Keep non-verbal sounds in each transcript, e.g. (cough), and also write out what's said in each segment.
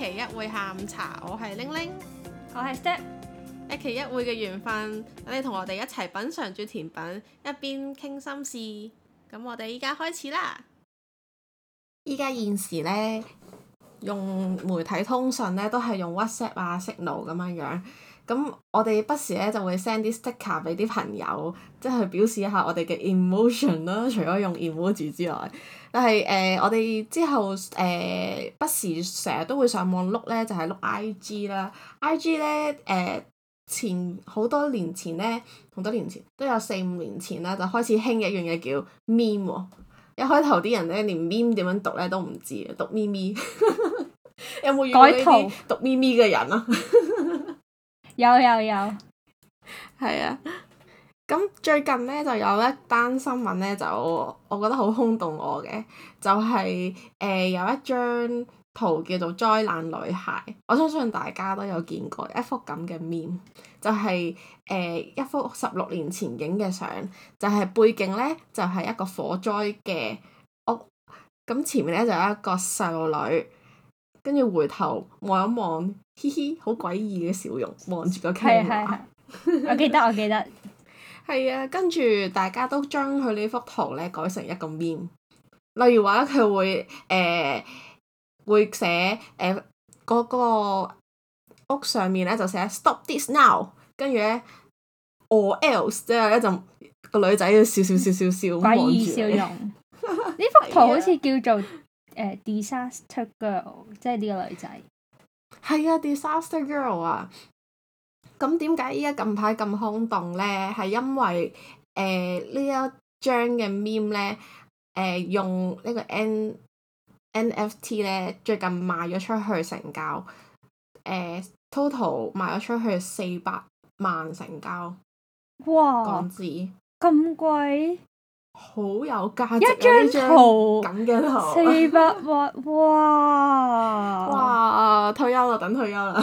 一期一會下午茶，我係玲玲，我係是 Step，一期一會嘅緣分，你同我哋一齊品嘗住甜品，一邊傾心事，咁我哋依家開始啦。依家現時咧，用媒體通訊咧，都係用 WhatsApp 啊、Signal 咁樣樣。咁我哋不時咧就會 send 啲 sticker 俾啲朋友，即、就、係、是、表示一下我哋嘅 emotion 啦。除咗用 emotion 之外，但係誒、呃、我哋之後誒、呃、不時成日都會上網碌 o 咧，就係、是、碌 IG 啦。IG 咧誒、呃、前好多年前咧，好多年前都有四五年前啦，就開始興一樣嘢叫 meme、哦。一開頭啲人咧連 meme 點樣讀咧都唔知，讀咪咪。 (laughs) 有冇遇過呢啲讀咪咪嘅人啊？ (laughs) 有有有，係 (laughs) 啊！咁最近呢，就有一單新聞呢，就我，我覺得好轟動我嘅，就係、是、誒、呃、有一張圖叫做《災難女孩》，我相信大家都有見過一幅咁嘅 meme，就係誒一幅十六年前影嘅相，就係背景呢，就係、是、一個火災嘅屋，咁前面呢，就有一個細路女。跟住回頭望一望，嘻嘻，好詭異嘅笑容，望住個 camera。我記得，我記得。係啊， (laughs) 跟住大家都將佢呢幅圖咧改成一個 meme，例如話佢會誒、呃、會寫誒嗰個屋上面咧就寫 Stop this now，跟住咧 or else，即係、就是、一陣個女仔笑，笑笑笑笑笑，詭異笑容。呢 (laughs) 幅圖好似叫做 (laughs) 的。 (laughs) 誒、呃、disaster girl，即係呢個女仔。係啊，disaster girl 啊！咁點解依家近排咁轟動呢？係因為誒呢、呃、一張嘅 meme 呢，誒、呃、用呢個 N NFT 呢，最近賣咗出去成交，誒、呃、total 賣咗出去四百萬成交。哇！港紙咁貴？好有價值啊！一張圖，四百蚊，哇！哇，退休啦，等退休啦，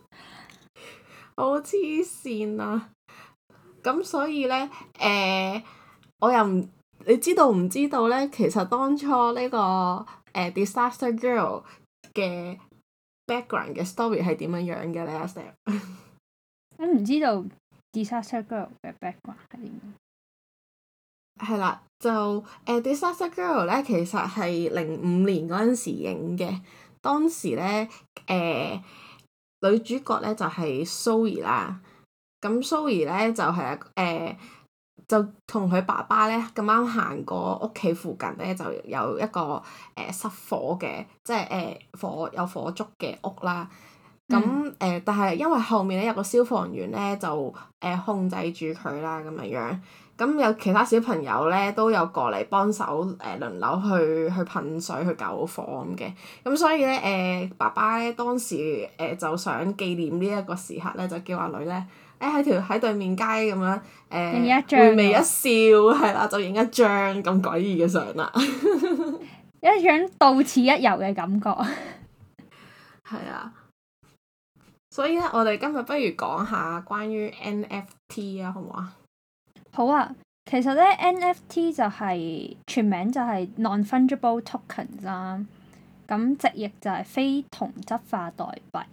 (laughs) 好黐線啊！咁所以呢，誒、呃，我又唔，你知道唔知道呢？其實當初、這個呃、呢個誒 disaster girl 嘅 background 嘅 story 係點樣樣嘅咧？阿 Sam，我唔知道 disaster girl 嘅 background 係點樣。 (laughs) 係啦，就誒《Disaster、呃、Girl》咧，其實係零五年嗰陣時影嘅。當時咧，誒、呃、女主角咧就係蘇怡啦。咁蘇怡咧就係、是、啊，誒、呃、就同佢爸爸咧咁啱行過屋企附近咧，就有一個誒失、呃、火嘅，即係誒、呃、火有火燭嘅屋啦。咁誒、嗯呃，但係因為後面咧有個消防員咧就誒、呃、控制住佢啦，咁樣樣。咁有其他小朋友咧，都有過嚟幫手誒、呃，輪流去去噴水、去救火咁嘅。咁所以咧，誒、呃、爸爸咧當時誒、呃、就想紀念呢一個時刻咧，就叫阿女咧，誒、欸、喺條喺對面街咁樣誒，微、呃、微一，啊、一笑係啦，就影一張咁詭異嘅相啦。 (laughs) 一樣到此一遊嘅感覺。係 (laughs) 啊。 (laughs) 所以咧，我哋今日不如講下關於 NFT 啊，好唔好啊？好啊，其實咧 NFT 就係、是、全名就係 non-fungible token 啦，咁直譯就係非同質化代幣。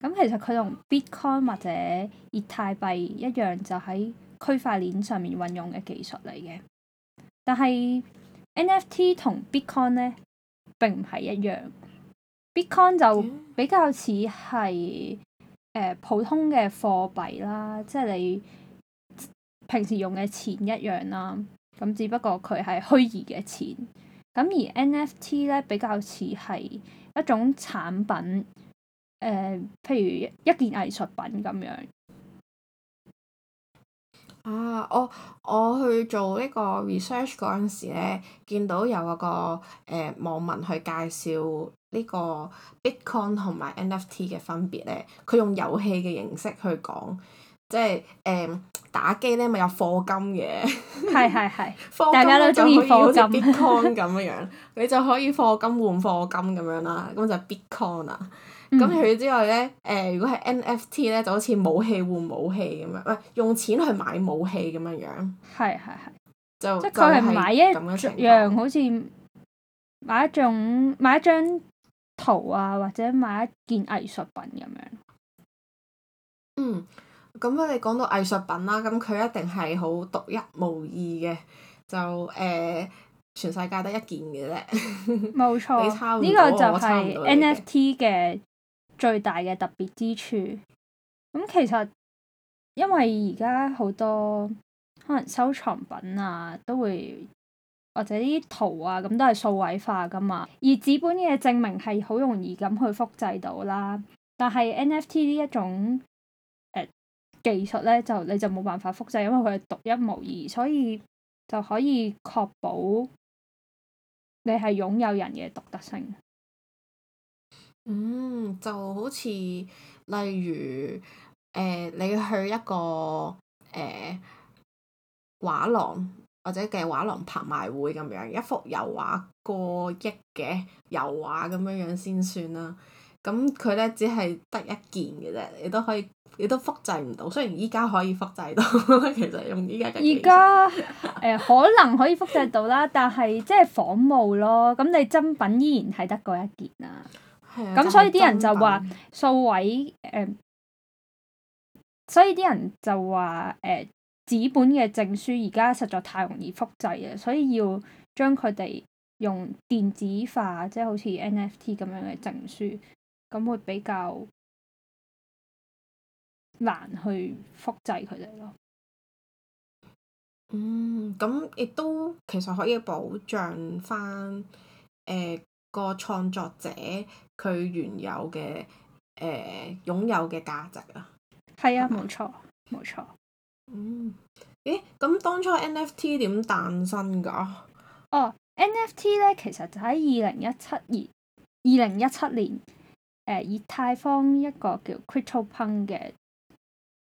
咁其實佢同 Bitcoin 或者以太幣一樣，就喺區塊鏈上面運用嘅技術嚟嘅。但係 NFT 同 Bitcoin 咧並唔係一樣。Bitcoin 就比較似係誒普通嘅貨幣啦，即係你，平時用嘅錢一樣啦，咁只不過佢係虛擬嘅錢，咁而 NFT 咧比較似係一種產品，誒、呃，譬如一件藝術品咁樣。啊！我我去做呢個 research 嗰陣時咧，見到有嗰個誒、呃、網民去介紹呢個 Bitcoin 同埋 NFT 嘅分別咧，佢用遊戲嘅形式去講。即係誒、嗯、打機咧，咪有課金嘅。係係係。大家都中意課金。就 Bitcoin 咁樣樣，你就可以課金換課金咁樣啦。咁 (laughs) 就 Bitcoin 啊。咁除此之外咧，誒、呃、如果係 NFT 咧，就好似武器換武器咁樣，唔係用錢去買武器咁樣樣。係係係。就即係佢係買一樣，好似買一種買一張圖啊，或者買一件藝術品咁樣。嗯。咁啊！我哋講到藝術品啦，咁佢一定係好獨一無二嘅，就誒、呃、全世界得一件嘅啫。冇 (laughs) 錯。呢個就係 NFT 嘅最大嘅特別之處。咁其實因為而家好多可能收藏品啊，都會或者啲圖啊，咁都係數位化㗎嘛。而紙本嘅證明係好容易咁去複製到啦。但係 NFT 呢一種技術咧就你就冇辦法複製，因為佢係獨一無二，所以就可以確保你係擁有人嘅獨特性。嗯，就好似例如，誒、呃，你去一個誒畫、呃、廊或者嘅畫廊拍賣會咁樣，一幅油畫過億嘅油畫咁樣樣先算啦。咁佢咧只係得一件嘅啫，你都可以，你都複製唔到。雖然依家可以複製到，其實用依家嘅技術，而家誒可能可以複製到啦，但係即係仿冒咯。咁你真品依然係得嗰一件啊。咁所以啲人就話數位誒、呃，所以啲人就話誒、呃、紙本嘅證書而家實在太容易複製啊，所以要將佢哋用電子化，即、就、係、是、好似 NFT 咁樣嘅證書。咁會比較難去複製佢哋咯。嗯，咁亦都其實可以保障翻誒、呃、個創作者佢原有嘅誒擁有嘅價值啊。係啊吧，冇錯，冇錯。嗯，咦，咁當初誕、哦、NFT 點誕生噶？哦，NFT 咧其實就喺二零一七年。二零一七年。誒、呃、以太坊一個叫 CryptoPunk 嘅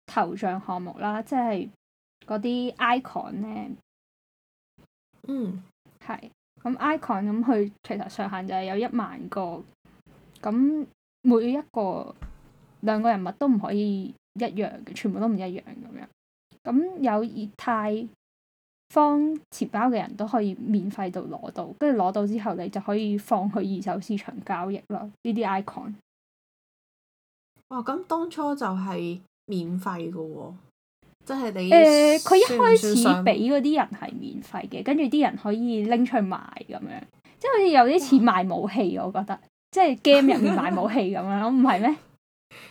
頭像項目啦，即係嗰啲 icon 咧。嗯，係。咁 icon 咁佢其實上限就係有一萬個，咁每一個兩個人物都唔可以一樣嘅，全部都唔一樣咁樣。咁有以太方錢包嘅人都可以免費到攞到，跟住攞到之後，你就可以放去二手市場交易啦。呢啲 icon 哇，咁當初就係免費嘅喎，即係你誒佢、呃、一開始俾嗰啲人係免費嘅，跟住啲人可以拎出去賣咁樣，即係好似有啲似賣武器，哇我覺得即係 game 入面賣武器咁樣，唔係咩？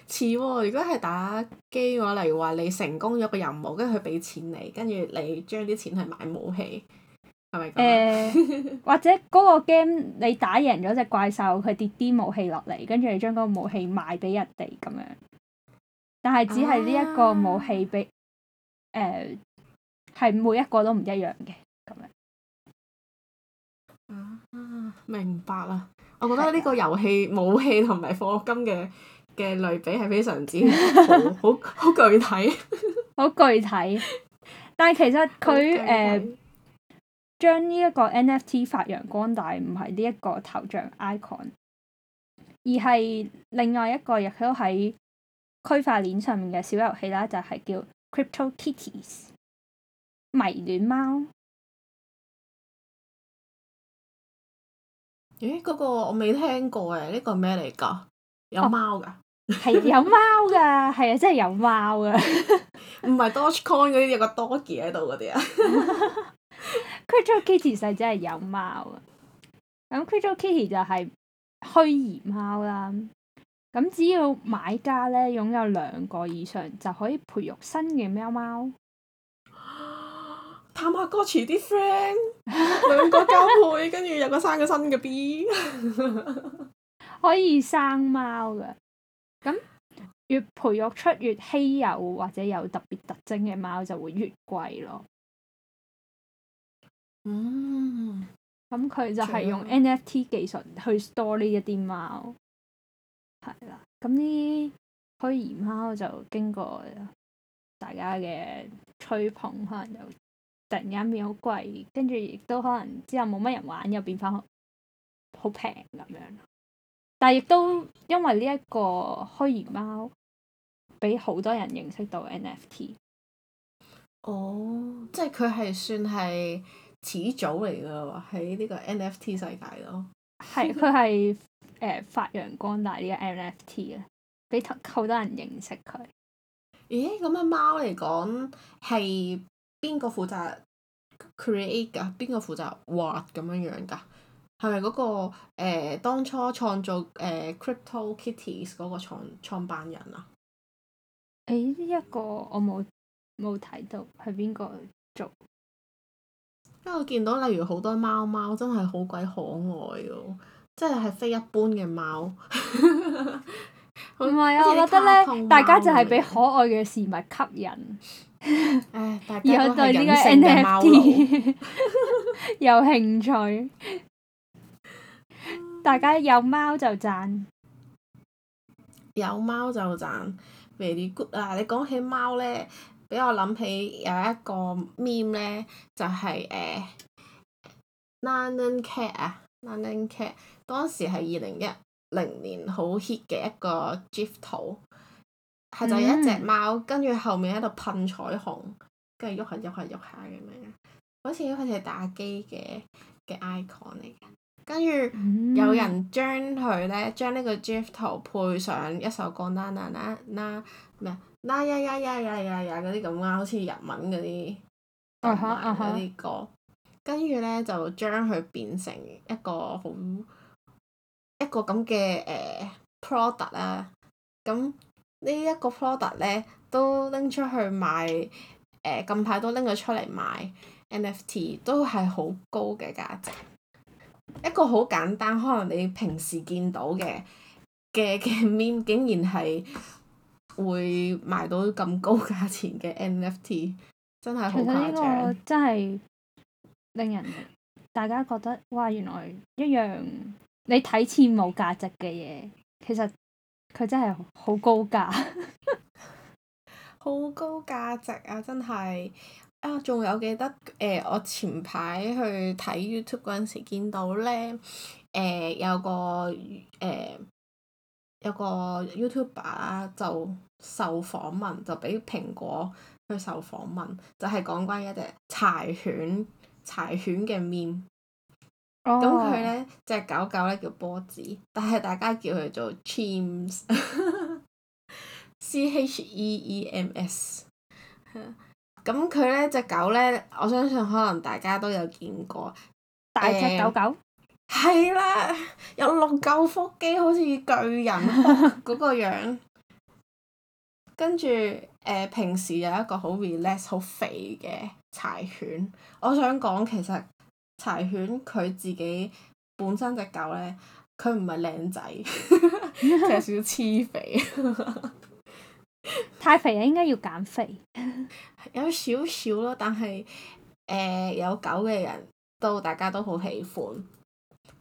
似喎、哦，如果係打機嘅話，例如話你成功咗個任務，跟住佢俾錢你，跟住你將啲錢去買武器，係咪咁？呃、 (laughs) 或者嗰個 game 你打贏咗隻怪獸，佢跌啲武器落嚟，跟住你將嗰個武器賣俾人哋咁樣。但係只係呢一個武器俾，誒、啊，係、呃、每一個都唔一樣嘅咁樣。啊啊！明白啦，我覺得呢個遊戲的武器同埋課金嘅。嘅類比係非常之好好 (laughs) 具體，好具體。但係其實佢誒將呢一個 NFT 發揚光大，唔係呢一個頭像 icon，而係另外一個亦都喺區塊鏈上面嘅小遊戲啦，就係、是、叫 Crypto Kitties 迷戀貓。咦、欸，嗰、那個我未聽過誒，呢個咩嚟㗎？有貓㗎？哦係 (laughs) 有貓㗎，係啊，真係有貓㗎！唔 (laughs) 係 Dogecoin 嗰啲有個 doggy 喺度嗰啲啊！Crystal Kitty 自細真係有貓啊！咁 Crystal Kitty 就係虛擬貓啦。咁只要買家咧擁有兩個以上，就可以培育新嘅喵貓。探下歌詞啲 friend，兩個交配，跟住 (laughs) 有個生個新嘅 B， (laughs) 可以生貓㗎。咁越培育出越稀有或者有特別特徵嘅貓就會越貴咯。嗯。咁佢就係用 NFT 技術去 store 呢一啲貓。係好啦。咁呢啲虛擬貓就經過大家嘅吹捧，可能就突然間變好貴，跟住亦都可能之後冇乜人玩，又變翻好平咁樣。但係亦都因為呢一個虛擬貓，俾好多人認識到 NFT。哦、oh，即係佢係算係始祖嚟㗎喎，喺呢個 NFT 世界咯。係，佢係誒發揚光大呢個 NFT 啊，俾好多人認識佢。咦、欸？咁樣貓嚟講係邊個負責 create 㗎？邊個負責畫咁樣樣㗎？係咪嗰個誒、呃、當初創造誒、呃、Crypto Kitties 嗰個創創辦人啊？誒，呢一個我冇冇睇到係邊個做？因為我見到例如好多貓貓真係好鬼可愛喎，即係係非一般嘅貓。唔 (laughs) 係 (laughs) 啊！靠靠貓貓我覺得咧，大家就係畀可愛嘅事物吸引。誒、 (laughs) 哎！大家 (laughs) 對呢個 NFT (laughs) 有興趣。大家有貓就賺，有貓就賺 very good 啊！你講起貓咧，俾我諗起有一個 meme 咧，就係、是、誒 Nyan、呃、cat 啊，Nyan Cat。當時係二零一零年好 hit 嘅一個 gif 圖，係就有一隻貓、mm. 跟住後面喺度噴彩虹，跟住喐下喐下喐下咁樣，好似好似係打機嘅嘅 icon 嚟㗎。跟住有人將佢呢，將呢個 GIF 圖配上一首歌，啦啦啦啦咩啦呀呀呀呀呀呀嗰啲咁啦，好似日文嗰啲日文嗰啲歌，uh huh, uh huh. 跟住呢，就將佢變成一個好一個咁嘅誒 product 啦。咁呢一個 product 呢，都拎出去賣，誒、呃、近排都拎咗出嚟賣 NFT，都係好高嘅價值。一個好簡單，可能你平時見到嘅嘅嘅面，meme, 竟然係會賣到咁高價錢嘅 NFT，真係。其實呢個真係令人 (laughs) 大家覺得，哇！原來一樣你睇似冇價值嘅嘢，其實佢真係好高價，好 (laughs) (laughs) 高價值啊！真係。啊，仲有記得誒、呃，我前排去睇 YouTube 嗰陣時呢，見到咧誒，有個誒、呃、有個 YouTuber 就受訪問，就俾蘋果去受訪問，就係、是、講關於一隻柴犬，柴犬嘅 meme。哦。咁佢咧隻狗狗咧叫波子，但係大家叫佢做 Cheems，C (laughs) H E E M S。 (laughs) 咁佢、嗯、呢隻狗呢，我相信可能大家都有見過大隻狗狗，係、呃、 (noise) 啦，有六舊腹肌，好似巨人嗰 (laughs) 個樣。跟住誒、呃，平時有一個好 relax、好肥嘅柴犬。我想講其實柴犬佢自己本身隻狗呢，佢唔係靚仔，係少少黐肥。 (laughs) 太肥啊，應該要減肥。有少少咯，但係誒有狗嘅人都大家都好喜歡，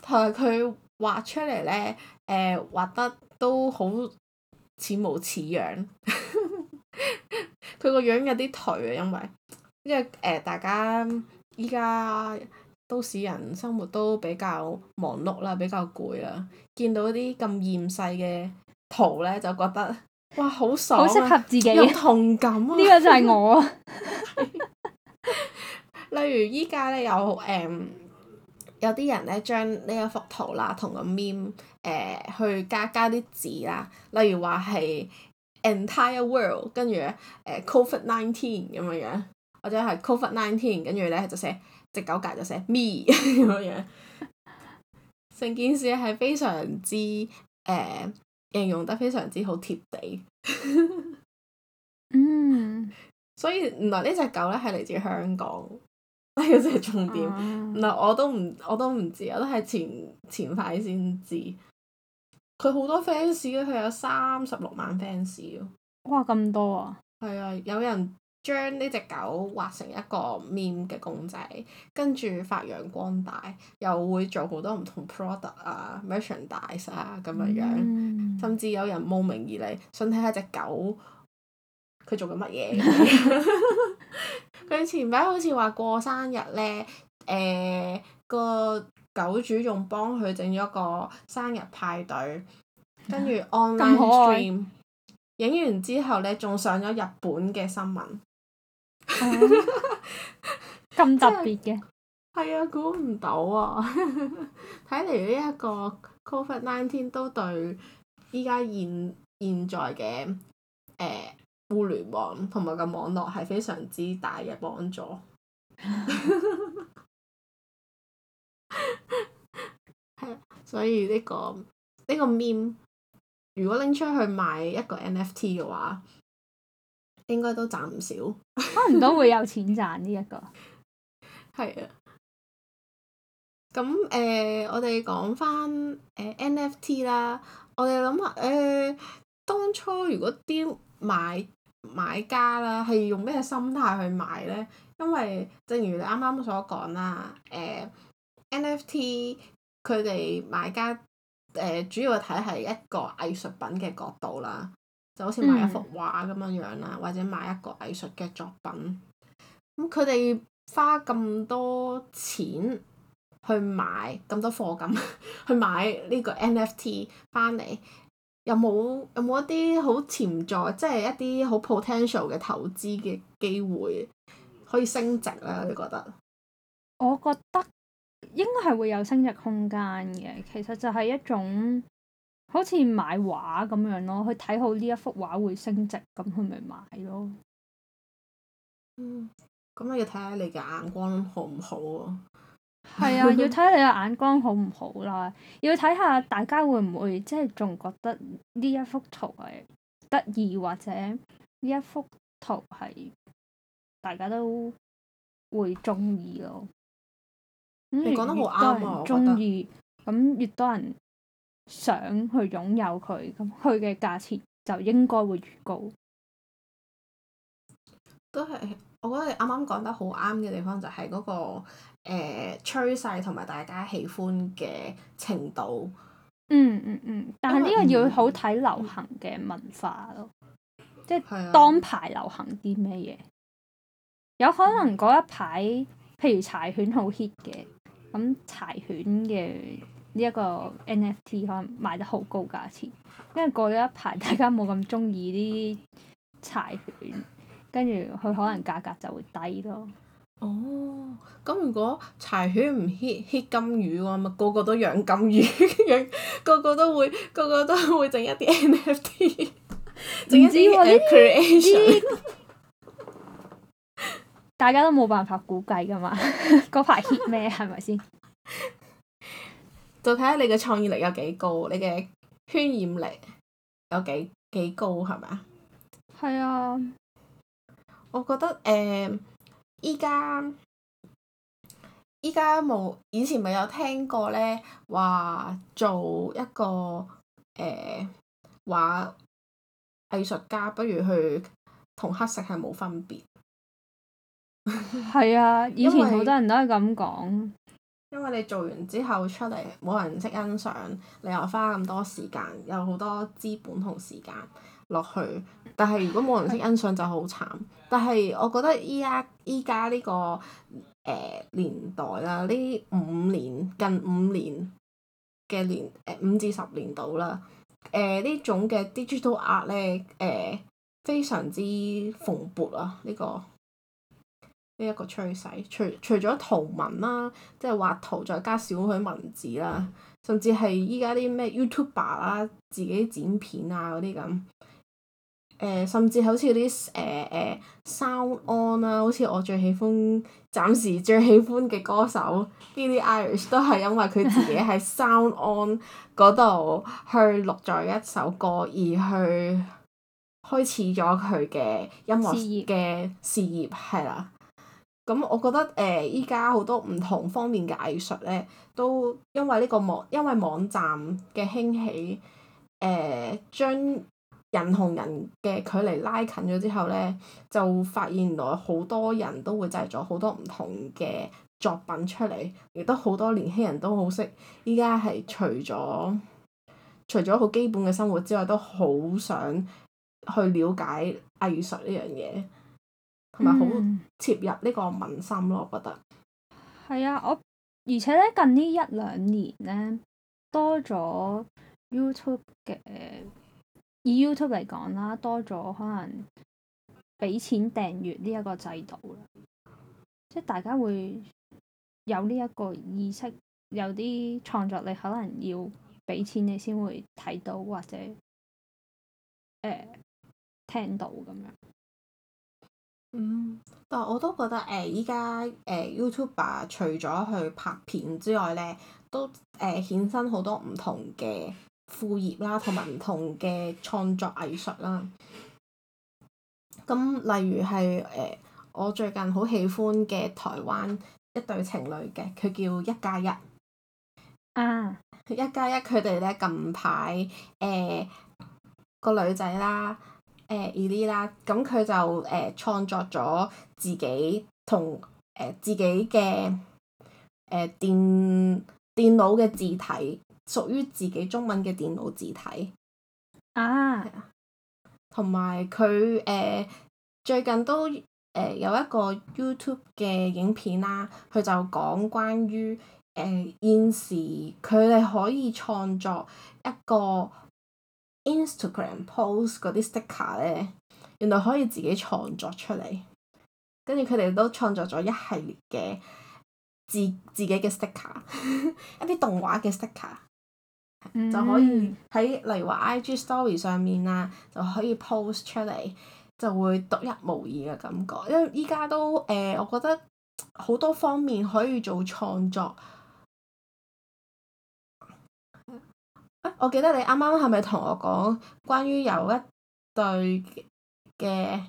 同埋佢畫出嚟呢，誒、呃、畫得都好似模似樣。佢 (laughs) 個樣有啲頹啊，因為因為誒大家依家都市人生活都比較忙碌啦，比較攰啦，見到啲咁厭世嘅圖呢，就覺得。哇，好爽啊！好適合自己，有同感啊！呢個就係我啊。 (laughs) (laughs) 例如依家呢，有誒、嗯，有啲人呢將呢一幅圖啦，同個 meme 誒、呃、去加加啲字啦。例如話係 Entire World，跟住呢「誒、呃、covid nineteen 咁樣樣，或者係 covid nineteen，跟住呢，就寫隻狗界」，就寫 me 咁樣樣。成 (laughs) 件事係非常之誒。呃形容得非常之好貼地， (laughs) 嗯，所以原來呢隻狗呢係嚟自香港，呢個先係重點。啊、原來我都唔我都唔知，我都係前前排先知。佢好多 fans 啊！佢有三十六萬 fans 啊！哇，咁多啊！係啊，有人。將呢隻狗畫成一個 meme 嘅公仔，跟住發揚光大，又會做好多唔同 product 啊、merchandise 啊咁樣樣，甚至有人慕名而嚟，想睇下隻狗佢做緊乜嘢。佢 (laughs) (laughs) 前排好似話過生日呢，誒、呃嗰個狗主仲幫佢整咗個生日派對，跟住 online stream 影完之後呢，仲上咗日本嘅新聞。咁、嗯、特別嘅，係 (laughs) 啊，估唔到啊！睇嚟呢一個 Covid Nineteen 都對依家現現在嘅誒、呃、互聯網同埋個網絡係非常之大嘅幫助。係、 (laughs) (laughs) (laughs) (laughs) 啊，所以呢、呢個呢、呢個 Meme 如果拎出去賣一個 NFT 嘅話，應該都賺唔少，可能都會有錢賺呢一個。 (laughs) 係啊。咁、呃、誒，我哋講翻誒 NFT 啦。我哋諗下誒，當初如果啲買買家啦，係用咩心態去買咧？因為正如你啱啱所講啦，誒、呃、NFT 佢哋買家誒、呃、主要睇係一個藝術品嘅角度啦。就好似買一幅畫咁樣樣啦，嗯、或者買一個藝術嘅作品。咁佢哋花咁多錢去買咁 (laughs) 多貨咁， (laughs) 去買呢個 NFT 翻嚟，有冇有冇一啲好潛在，即係一啲好 potential 嘅投資嘅機會可以升值咧？你覺得？我覺得應該係會有升值空間嘅，其實就係一種。好似買畫咁樣咯，佢睇好呢一幅畫會升值，咁佢咪買咯。嗯，咁啊要睇下你嘅眼光好唔好喎。係啊， (laughs) 要睇下你嘅眼光好唔好啦。要睇下大家會唔會即係仲覺得呢一幅圖係得意，或者呢一幅圖係大家都會中意咯。你講得好啱啊！嗯、我覺得。咁越多人，想去擁有佢咁，佢嘅價錢就應該會越高。都係，我覺得你啱啱講得好啱嘅地方就係嗰個誒趨勢同埋大家喜歡嘅程度。嗯嗯嗯，但係呢個、嗯、要好睇流行嘅文化咯，即係為當排流行啲咩嘢，的有可能嗰一排，譬如柴犬好 hit 嘅，咁柴犬嘅。呢一個 NFT 可能賣得好高價錢，因為過咗一排大家冇咁中意啲柴犬，跟住佢可能價格就會低咯。哦，咁如果柴犬唔 hit hit 金魚嘅話，咪個個都養金魚，養 (laughs) 個個都會個個都會整一啲 NFT，整一啲、唔知啊 uh, creation。 (laughs) 大家都冇辦法估計㗎嘛？嗰排 (laughs) (laughs) hit 咩係咪先？是就睇下你嘅創意力有幾高，你嘅渲染力有幾幾高，係咪啊？係啊，我覺得誒，依家依家冇以前咪有聽過咧，話做一個誒畫藝術家，不如去同黑石係冇分別。係 (laughs) 啊，以前好多人都係咁講。因為你做完之後出嚟冇人識欣賞，你又花咁多時間，有好多資本同時間落去，但係如果冇人識欣賞就好慘。但係我覺得依家依家呢個誒、呃、年代啦，呢五年近五年嘅年誒、呃、五至十年度啦，誒、呃、呢種嘅 digital art 咧誒非常之蓬勃啊呢、呢個。呢一個趨勢，除除咗圖文啦、啊，即係畫圖再加少許文字啦、啊，甚至係依家啲咩 YouTuber 啦、啊，自己剪片啊嗰啲咁。誒、呃，甚至好似啲誒誒 Sound On 啦、啊，好似我最喜歡，暫時最喜歡嘅歌手 (laughs) Billie Eilish 都係因為佢自己喺 Sound On 嗰度去錄咗一首歌，而去開始咗佢嘅音樂嘅事業，係啦。咁、嗯、我覺得誒，依家好多唔同方面嘅藝術咧，都因為呢個網，因為網站嘅興起，誒、呃、將人同人嘅距離拉近咗之後咧，就發現原來好多人都會製作好多唔同嘅作品出嚟，亦都好多年輕人都好識。依家係除咗除咗好基本嘅生活之外，都好想去了解藝術呢樣嘢。同埋好切入呢個民心咯，我覺得。係、嗯、啊，我而且咧近呢一兩年咧多咗 YouTube 嘅，以 YouTube 嚟講啦，多咗可能俾錢訂閱呢一個制度，即係大家會有呢一個意識，有啲創作你可能要俾錢你先會睇到或者誒、呃、聽到咁樣。嗯，但我都覺得誒依、呃、家誒、呃、YouTuber 除咗去拍片之外咧，都誒、呃、衍生好多唔同嘅副業啦，同埋唔同嘅創作藝術啦。咁例如係誒、呃，我最近好喜歡嘅台灣一對情侶嘅，佢叫一加一。啊！一加一，佢哋咧近排誒個女仔啦。誒 e 啦，咁佢、呃、就誒、呃、創作咗自己同誒、呃、自己嘅誒、呃、電電腦嘅字體，屬於自己中文嘅電腦字體。啊！同埋佢誒最近都誒有一個 YouTube 嘅影片啦，佢就講關於誒、呃、現時佢哋可以創作一個 Instagram post 嗰啲 sticker 咧，原來可以自己創作出嚟，跟住佢哋都創作咗一系列嘅自自己嘅 sticker， (laughs) 一啲動畫嘅 sticker，、嗯、就可以喺例如話 IG story 上面啊，就可以 post 出嚟，就會獨一無二嘅感覺。因為依家都誒、呃，我覺得好多方面可以做創作。我記得你啱啱係咪同我講關於有一對嘅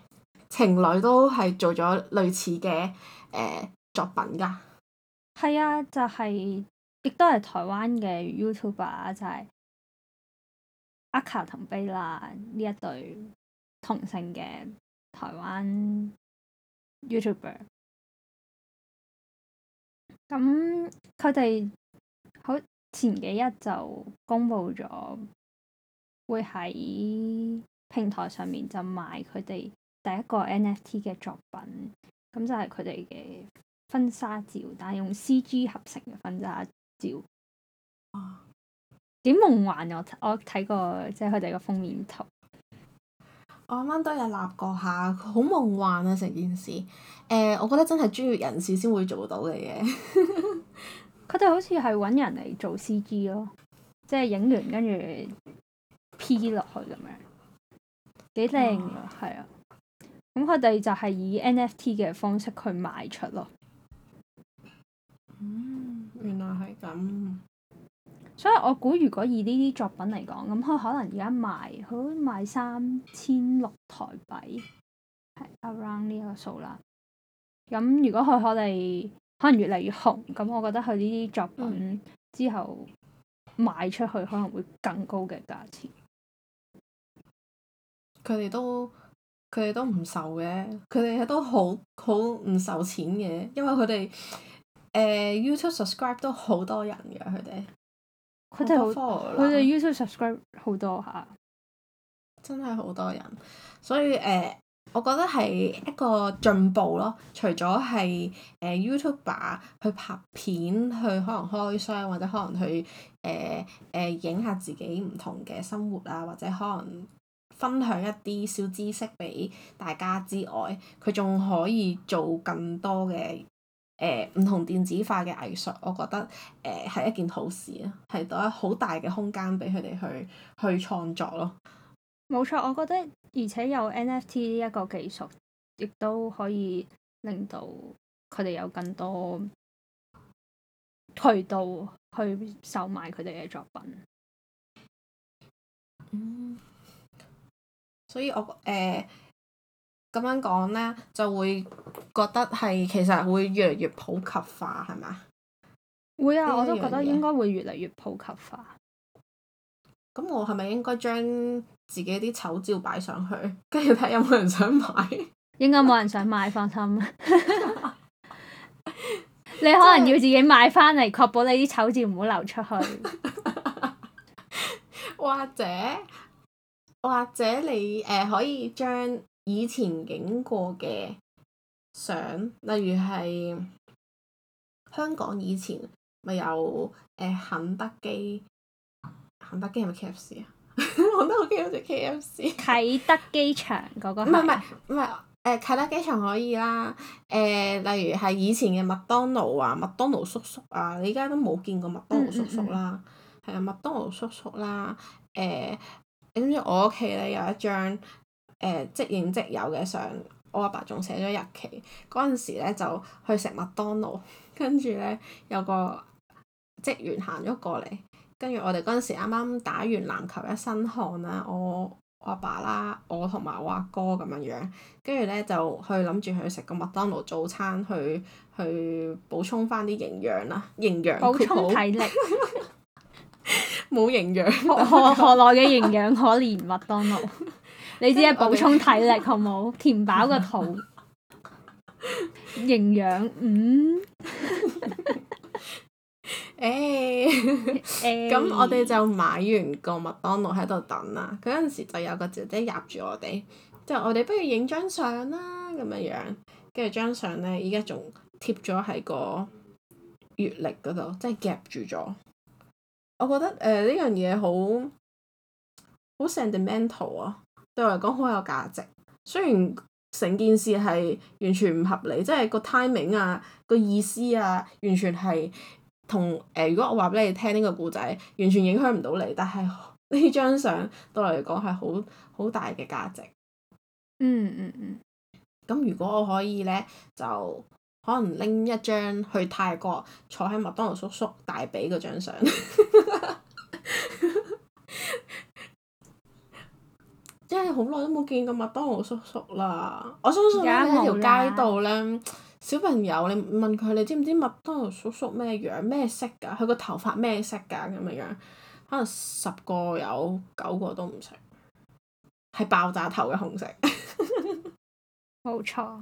情侶都係做咗類似嘅誒、呃、作品㗎？係啊，就係亦都係台灣嘅 YouTuber，就係 Aka 同 Be 啦，呢一對同性嘅台灣 YouTuber。咁佢哋，前幾日就公布咗，會喺平台上面就賣佢哋第一個 NFT 嘅作品，咁就係佢哋嘅婚紗照，但係用 CG 合成嘅婚紗照。哇！點夢幻啊！我我睇過，即係佢哋個封面圖。我啱啱都有立過下，好夢幻啊！成件事，誒、呃，我覺得真係專業人士先會做到嘅嘢。 (laughs) 佢哋好似係揾人嚟做 CG 咯，即係影完跟住 P 落去咁樣幾靚，係、哦、啊。咁佢哋就係以 NFT 嘅方式去賣出咯。嗯，原來係咁。所以我估，如果以呢啲作品嚟講，咁佢可能而家賣，佢賣三千六台幣，係 around 呢個數啦。咁如果佢我哋？可能越嚟越紅，咁我覺得佢呢啲作品之後賣出去可能會更高嘅價錢。佢哋、嗯、都佢哋都唔愁嘅，佢哋都好好唔愁錢嘅，因為佢哋誒 YouTube subscribe 都好多人㗎，佢哋佢哋好佢哋 YouTube subscribe 好多下，真係好多人，所以誒。呃我覺得係一個進步咯，除咗係誒 YouTuber 去拍片，去可能開箱或者可能去誒誒影下自己唔同嘅生活啊，或者可能分享一啲小知識俾大家之外，佢仲可以做更多嘅誒唔同電子化嘅藝術，我覺得誒係、呃、一件好事啊，係多咗好大嘅空間俾佢哋去去創作咯。冇錯，我覺得而且有 NFT 呢一個技術，亦都可以令到佢哋有更多渠道去售賣佢哋嘅作品。所以我誒呃，咁樣講咧，就會覺得係其實會越嚟越普及化，係咪啊？會啊！我都覺得應該會越嚟越普及化。咁我係咪應該將自己啲醜照擺上去，跟住睇有冇人想買，應該冇人想買， (laughs) 放心。 (laughs) (laughs) 你可能要自己買翻嚟，確保你啲醜照唔好流出去。 (laughs) 或者，或者你誒、呃、可以將以前影過嘅相，例如係香港以前咪有誒、呃、肯德基，肯德基係咪 KFC 啊？我都好驚食 KFC。 (laughs) 啟德機場嗰、那個唔係唔係唔係，誒、呃、啟德機場可以啦。誒、呃，例如係以前嘅麥當勞啊，麥當勞叔叔啊，你依家都冇見過麥當勞叔叔啦。係啊、嗯嗯嗯，麥當勞叔叔啦。誒、呃，你知唔知我屋企咧有一張誒即影即有嘅相？我阿爸仲寫咗日期。嗰陣時咧就去食麥當勞，跟住咧有個職員行咗過嚟。跟住我哋嗰陣時，啱啱打完籃球一身汗啦，我阿爸啦，我同埋我阿哥咁樣樣，跟住咧就去諗住去食個麥當勞早餐，去去補充翻啲營養啦，營養補充體力，冇營養，何何來嘅營養？可憐麥當勞， (laughs) 你只係補充體力 (laughs) 好冇，填飽個肚，營養 (laughs) 嗯。 (laughs) 誒，咁 Hey, (laughs) Hey. 我哋就買完個麥當勞喺度等啦。嗰陣時就有個姐姐入住我哋，就我哋不如影張相啦咁樣樣。跟住張相呢，依家仲貼咗喺個月曆嗰度，即係夾住咗。我覺得誒呢、呃、樣嘢好好 sentimental 啊，對我嚟講好有價值。雖然成件事係完全唔合理，即係個 timing 啊，個意思啊，完全係。同誒、呃，如果我話俾你聽呢、這個故仔，完全影響唔到你，但係呢張相對我嚟講係好好大嘅價值。嗯嗯嗯。咁、嗯嗯、如果我可以呢，就可能拎一張去泰國坐喺麥當勞叔叔大髀嗰張相， (laughs) (laughs) 真係好耐都冇見過麥當勞叔叔啦。我相信咧，喺條街道呢。小朋友，你問佢你知唔知麥當勞叔叔咩樣？咩色㗎？佢個頭髮咩色㗎？咁樣樣，可能十個有九個都唔識，係爆炸頭嘅紅色。冇 (laughs) 錯。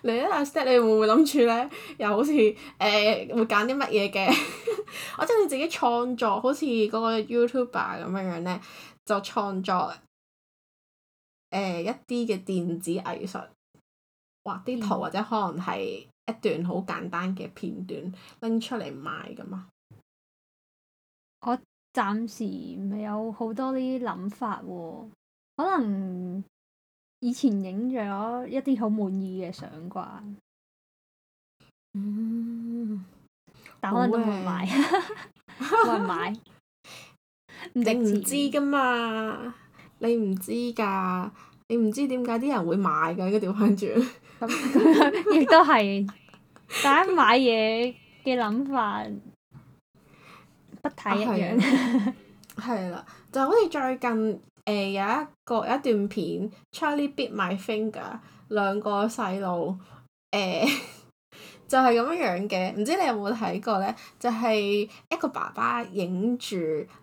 你咧呢，set (laughs) 你會唔會諗住呢？又好似誒、呃，會揀啲乜嘢嘅？ (laughs) 我真係你自己創作，好似嗰個 YouTuber 咁樣樣呢，就創作誒、呃、一啲嘅電子藝術。畫啲圖或者可能係一段好簡單嘅片段拎出嚟賣噶嘛？我暫時未有好多呢啲諗法喎、哦，可能以前影咗一啲好滿意嘅相啩。嗯，但我都唔 (laughs) (laughs) 買，唔買。 (laughs) 你唔知噶嘛？你唔知㗎，你唔知點解啲人會買㗎？應該調翻轉。咁咁樣亦都係大家買嘢嘅諗法 (laughs) 不太一樣。係啦、啊，就好似最近誒、呃、有一個有一段片 Charlie bit my finger，兩個細路誒就係、是、咁樣樣嘅，唔知你有冇睇過咧？就係、是、一個爸爸影住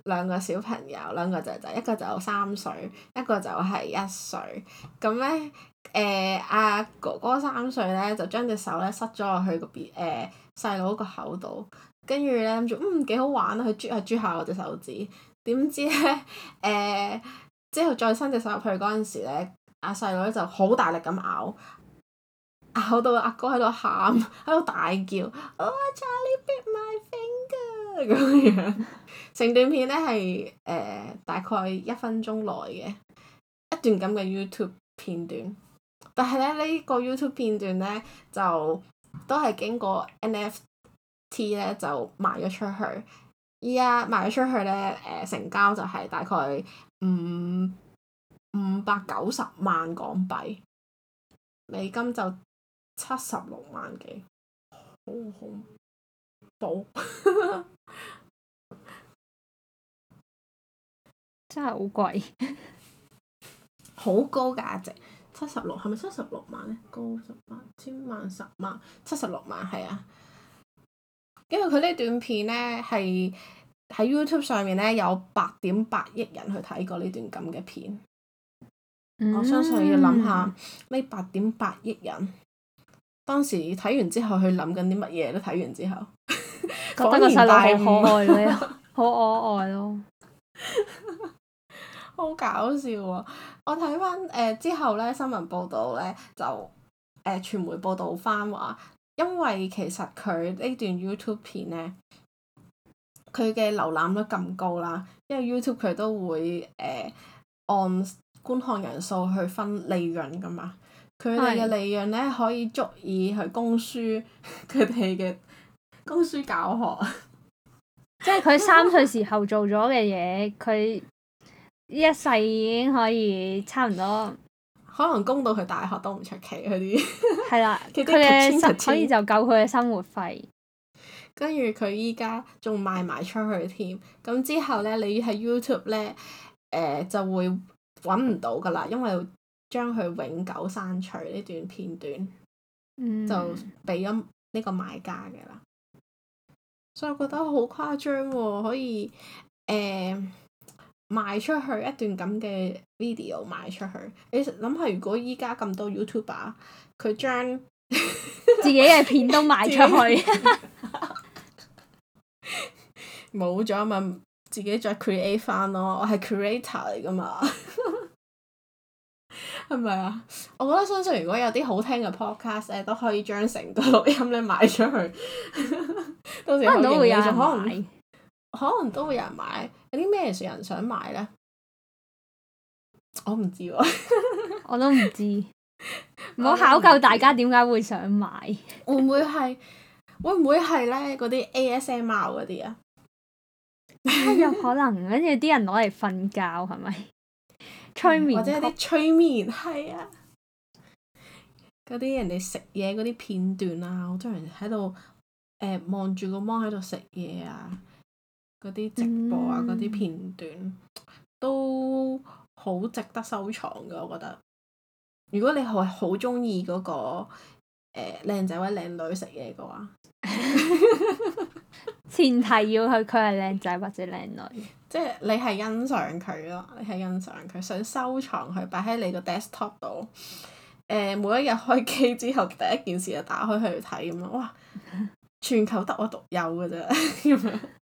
兩個小朋友，兩個仔仔，一個就三、是、歲，一個就係一歲，咁咧。誒，阿、呃、哥哥三歲咧，就將隻手咧塞咗落去嗰邊，誒細佬個口度，跟住咧諗住嗯幾好玩啊，佢啜下啜下我隻手指，點知咧誒、呃、之後再伸隻手入去嗰陣時咧，阿細佬就好大力咁咬，咬到阿哥喺度喊，喺度大叫，Oh Charlie bit my finger 咁樣，成 (laughs) 段片咧係誒大概一分鐘內嘅一段咁嘅 YouTube 片段。但係咧，呢、呢個 YouTube 片段咧就都係經過 NFT 咧就賣咗出去。依家賣咗出去咧，誒、呃、成交就係大概五五百九十萬港幣，美金就七十六萬幾，好恐怖， (laughs) 真係好貴，好 (laughs) 高價值。七十六係咪七十六萬咧？76, 是是 76, 000, 高十萬千萬十萬七十六萬係啊！因為佢呢段片咧係喺 YouTube 上面咧有八點八億人去睇過呢段咁嘅片。嗯、我相信要諗下呢八點八億人當時睇完之後去諗緊啲乜嘢咯？睇完之後覺得個細路好可愛咯，好可愛咯～ (laughs) (laughs) (laughs) 好搞笑喎、哦！我睇翻誒之後咧新聞報導咧就誒、呃、傳媒報導翻話，因為其實佢呢段 YouTube 片咧，佢嘅瀏覽率咁高啦，因為 YouTube 佢都會誒、呃、按觀看人數去分利潤㗎嘛，佢哋嘅利潤咧是可以足以去供書佢哋嘅供書教學， (laughs) 即係佢三歲時候做咗嘅嘢，佢。 (laughs) 一世已經可以差唔多，可能供到佢大學都唔出奇嗰啲。係啦，佢哋生可以就夠佢嘅生活費。跟住佢依家仲賣埋出去添，咁之後咧，你喺 YouTube 咧，誒、呃、就會揾唔到㗎啦，因為將佢永久刪除呢段片段，嗯、就俾咗呢個買家㗎啦。所以我覺得好誇張喎，可以誒。呃賣出去一段咁嘅 video 賣出去，你諗下，如果依家咁多 YouTuber 佢將 (laughs) 自己嘅片都賣出去，冇咗咪自己再 create 返咯？我係 creator 嚟㗎嘛？係 (laughs) 咪 (laughs) 啊？我覺得相信如果有啲好聽嘅 podcast 誒，都可以將成個錄音咧賣出去，到 (laughs) 時都會有人買可，可能都會有人買。有啲咩人想買咧？我唔知喎、啊 (laughs) (laughs) 我都唔知。唔好考究大家點解會想買。 (laughs) 會唔會係？會唔會係咧？嗰啲 ASMR 嗰啲啊？有、嗯、 (laughs) 可能，跟住啲人攞嚟瞓覺係咪？催眠即、嗯、或者啲催眠係啊！嗰啲人哋食嘢嗰啲片段啊，好多人喺度誒望住個芒喺度食嘢啊！嗰啲直播啊，嗰啲片段、嗯、都好值得收藏㗎，我覺得。如果你係好中意嗰個誒靚仔或者靚女食嘢嘅話， (laughs) (laughs) 前提要佢佢係靚仔或者靚女，即係 (laughs) (laughs) 你係欣賞佢咯，你係欣賞佢，想收藏佢擺喺你個 desktop 度。誒、呃，每一日開機之後第一件事就打開佢去睇咁樣，哇！全球得我獨有㗎啫咁樣。 (laughs) (laughs)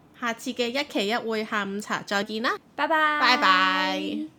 下次嘅一期一會下午茶，再見啦！拜拜！Bye bye。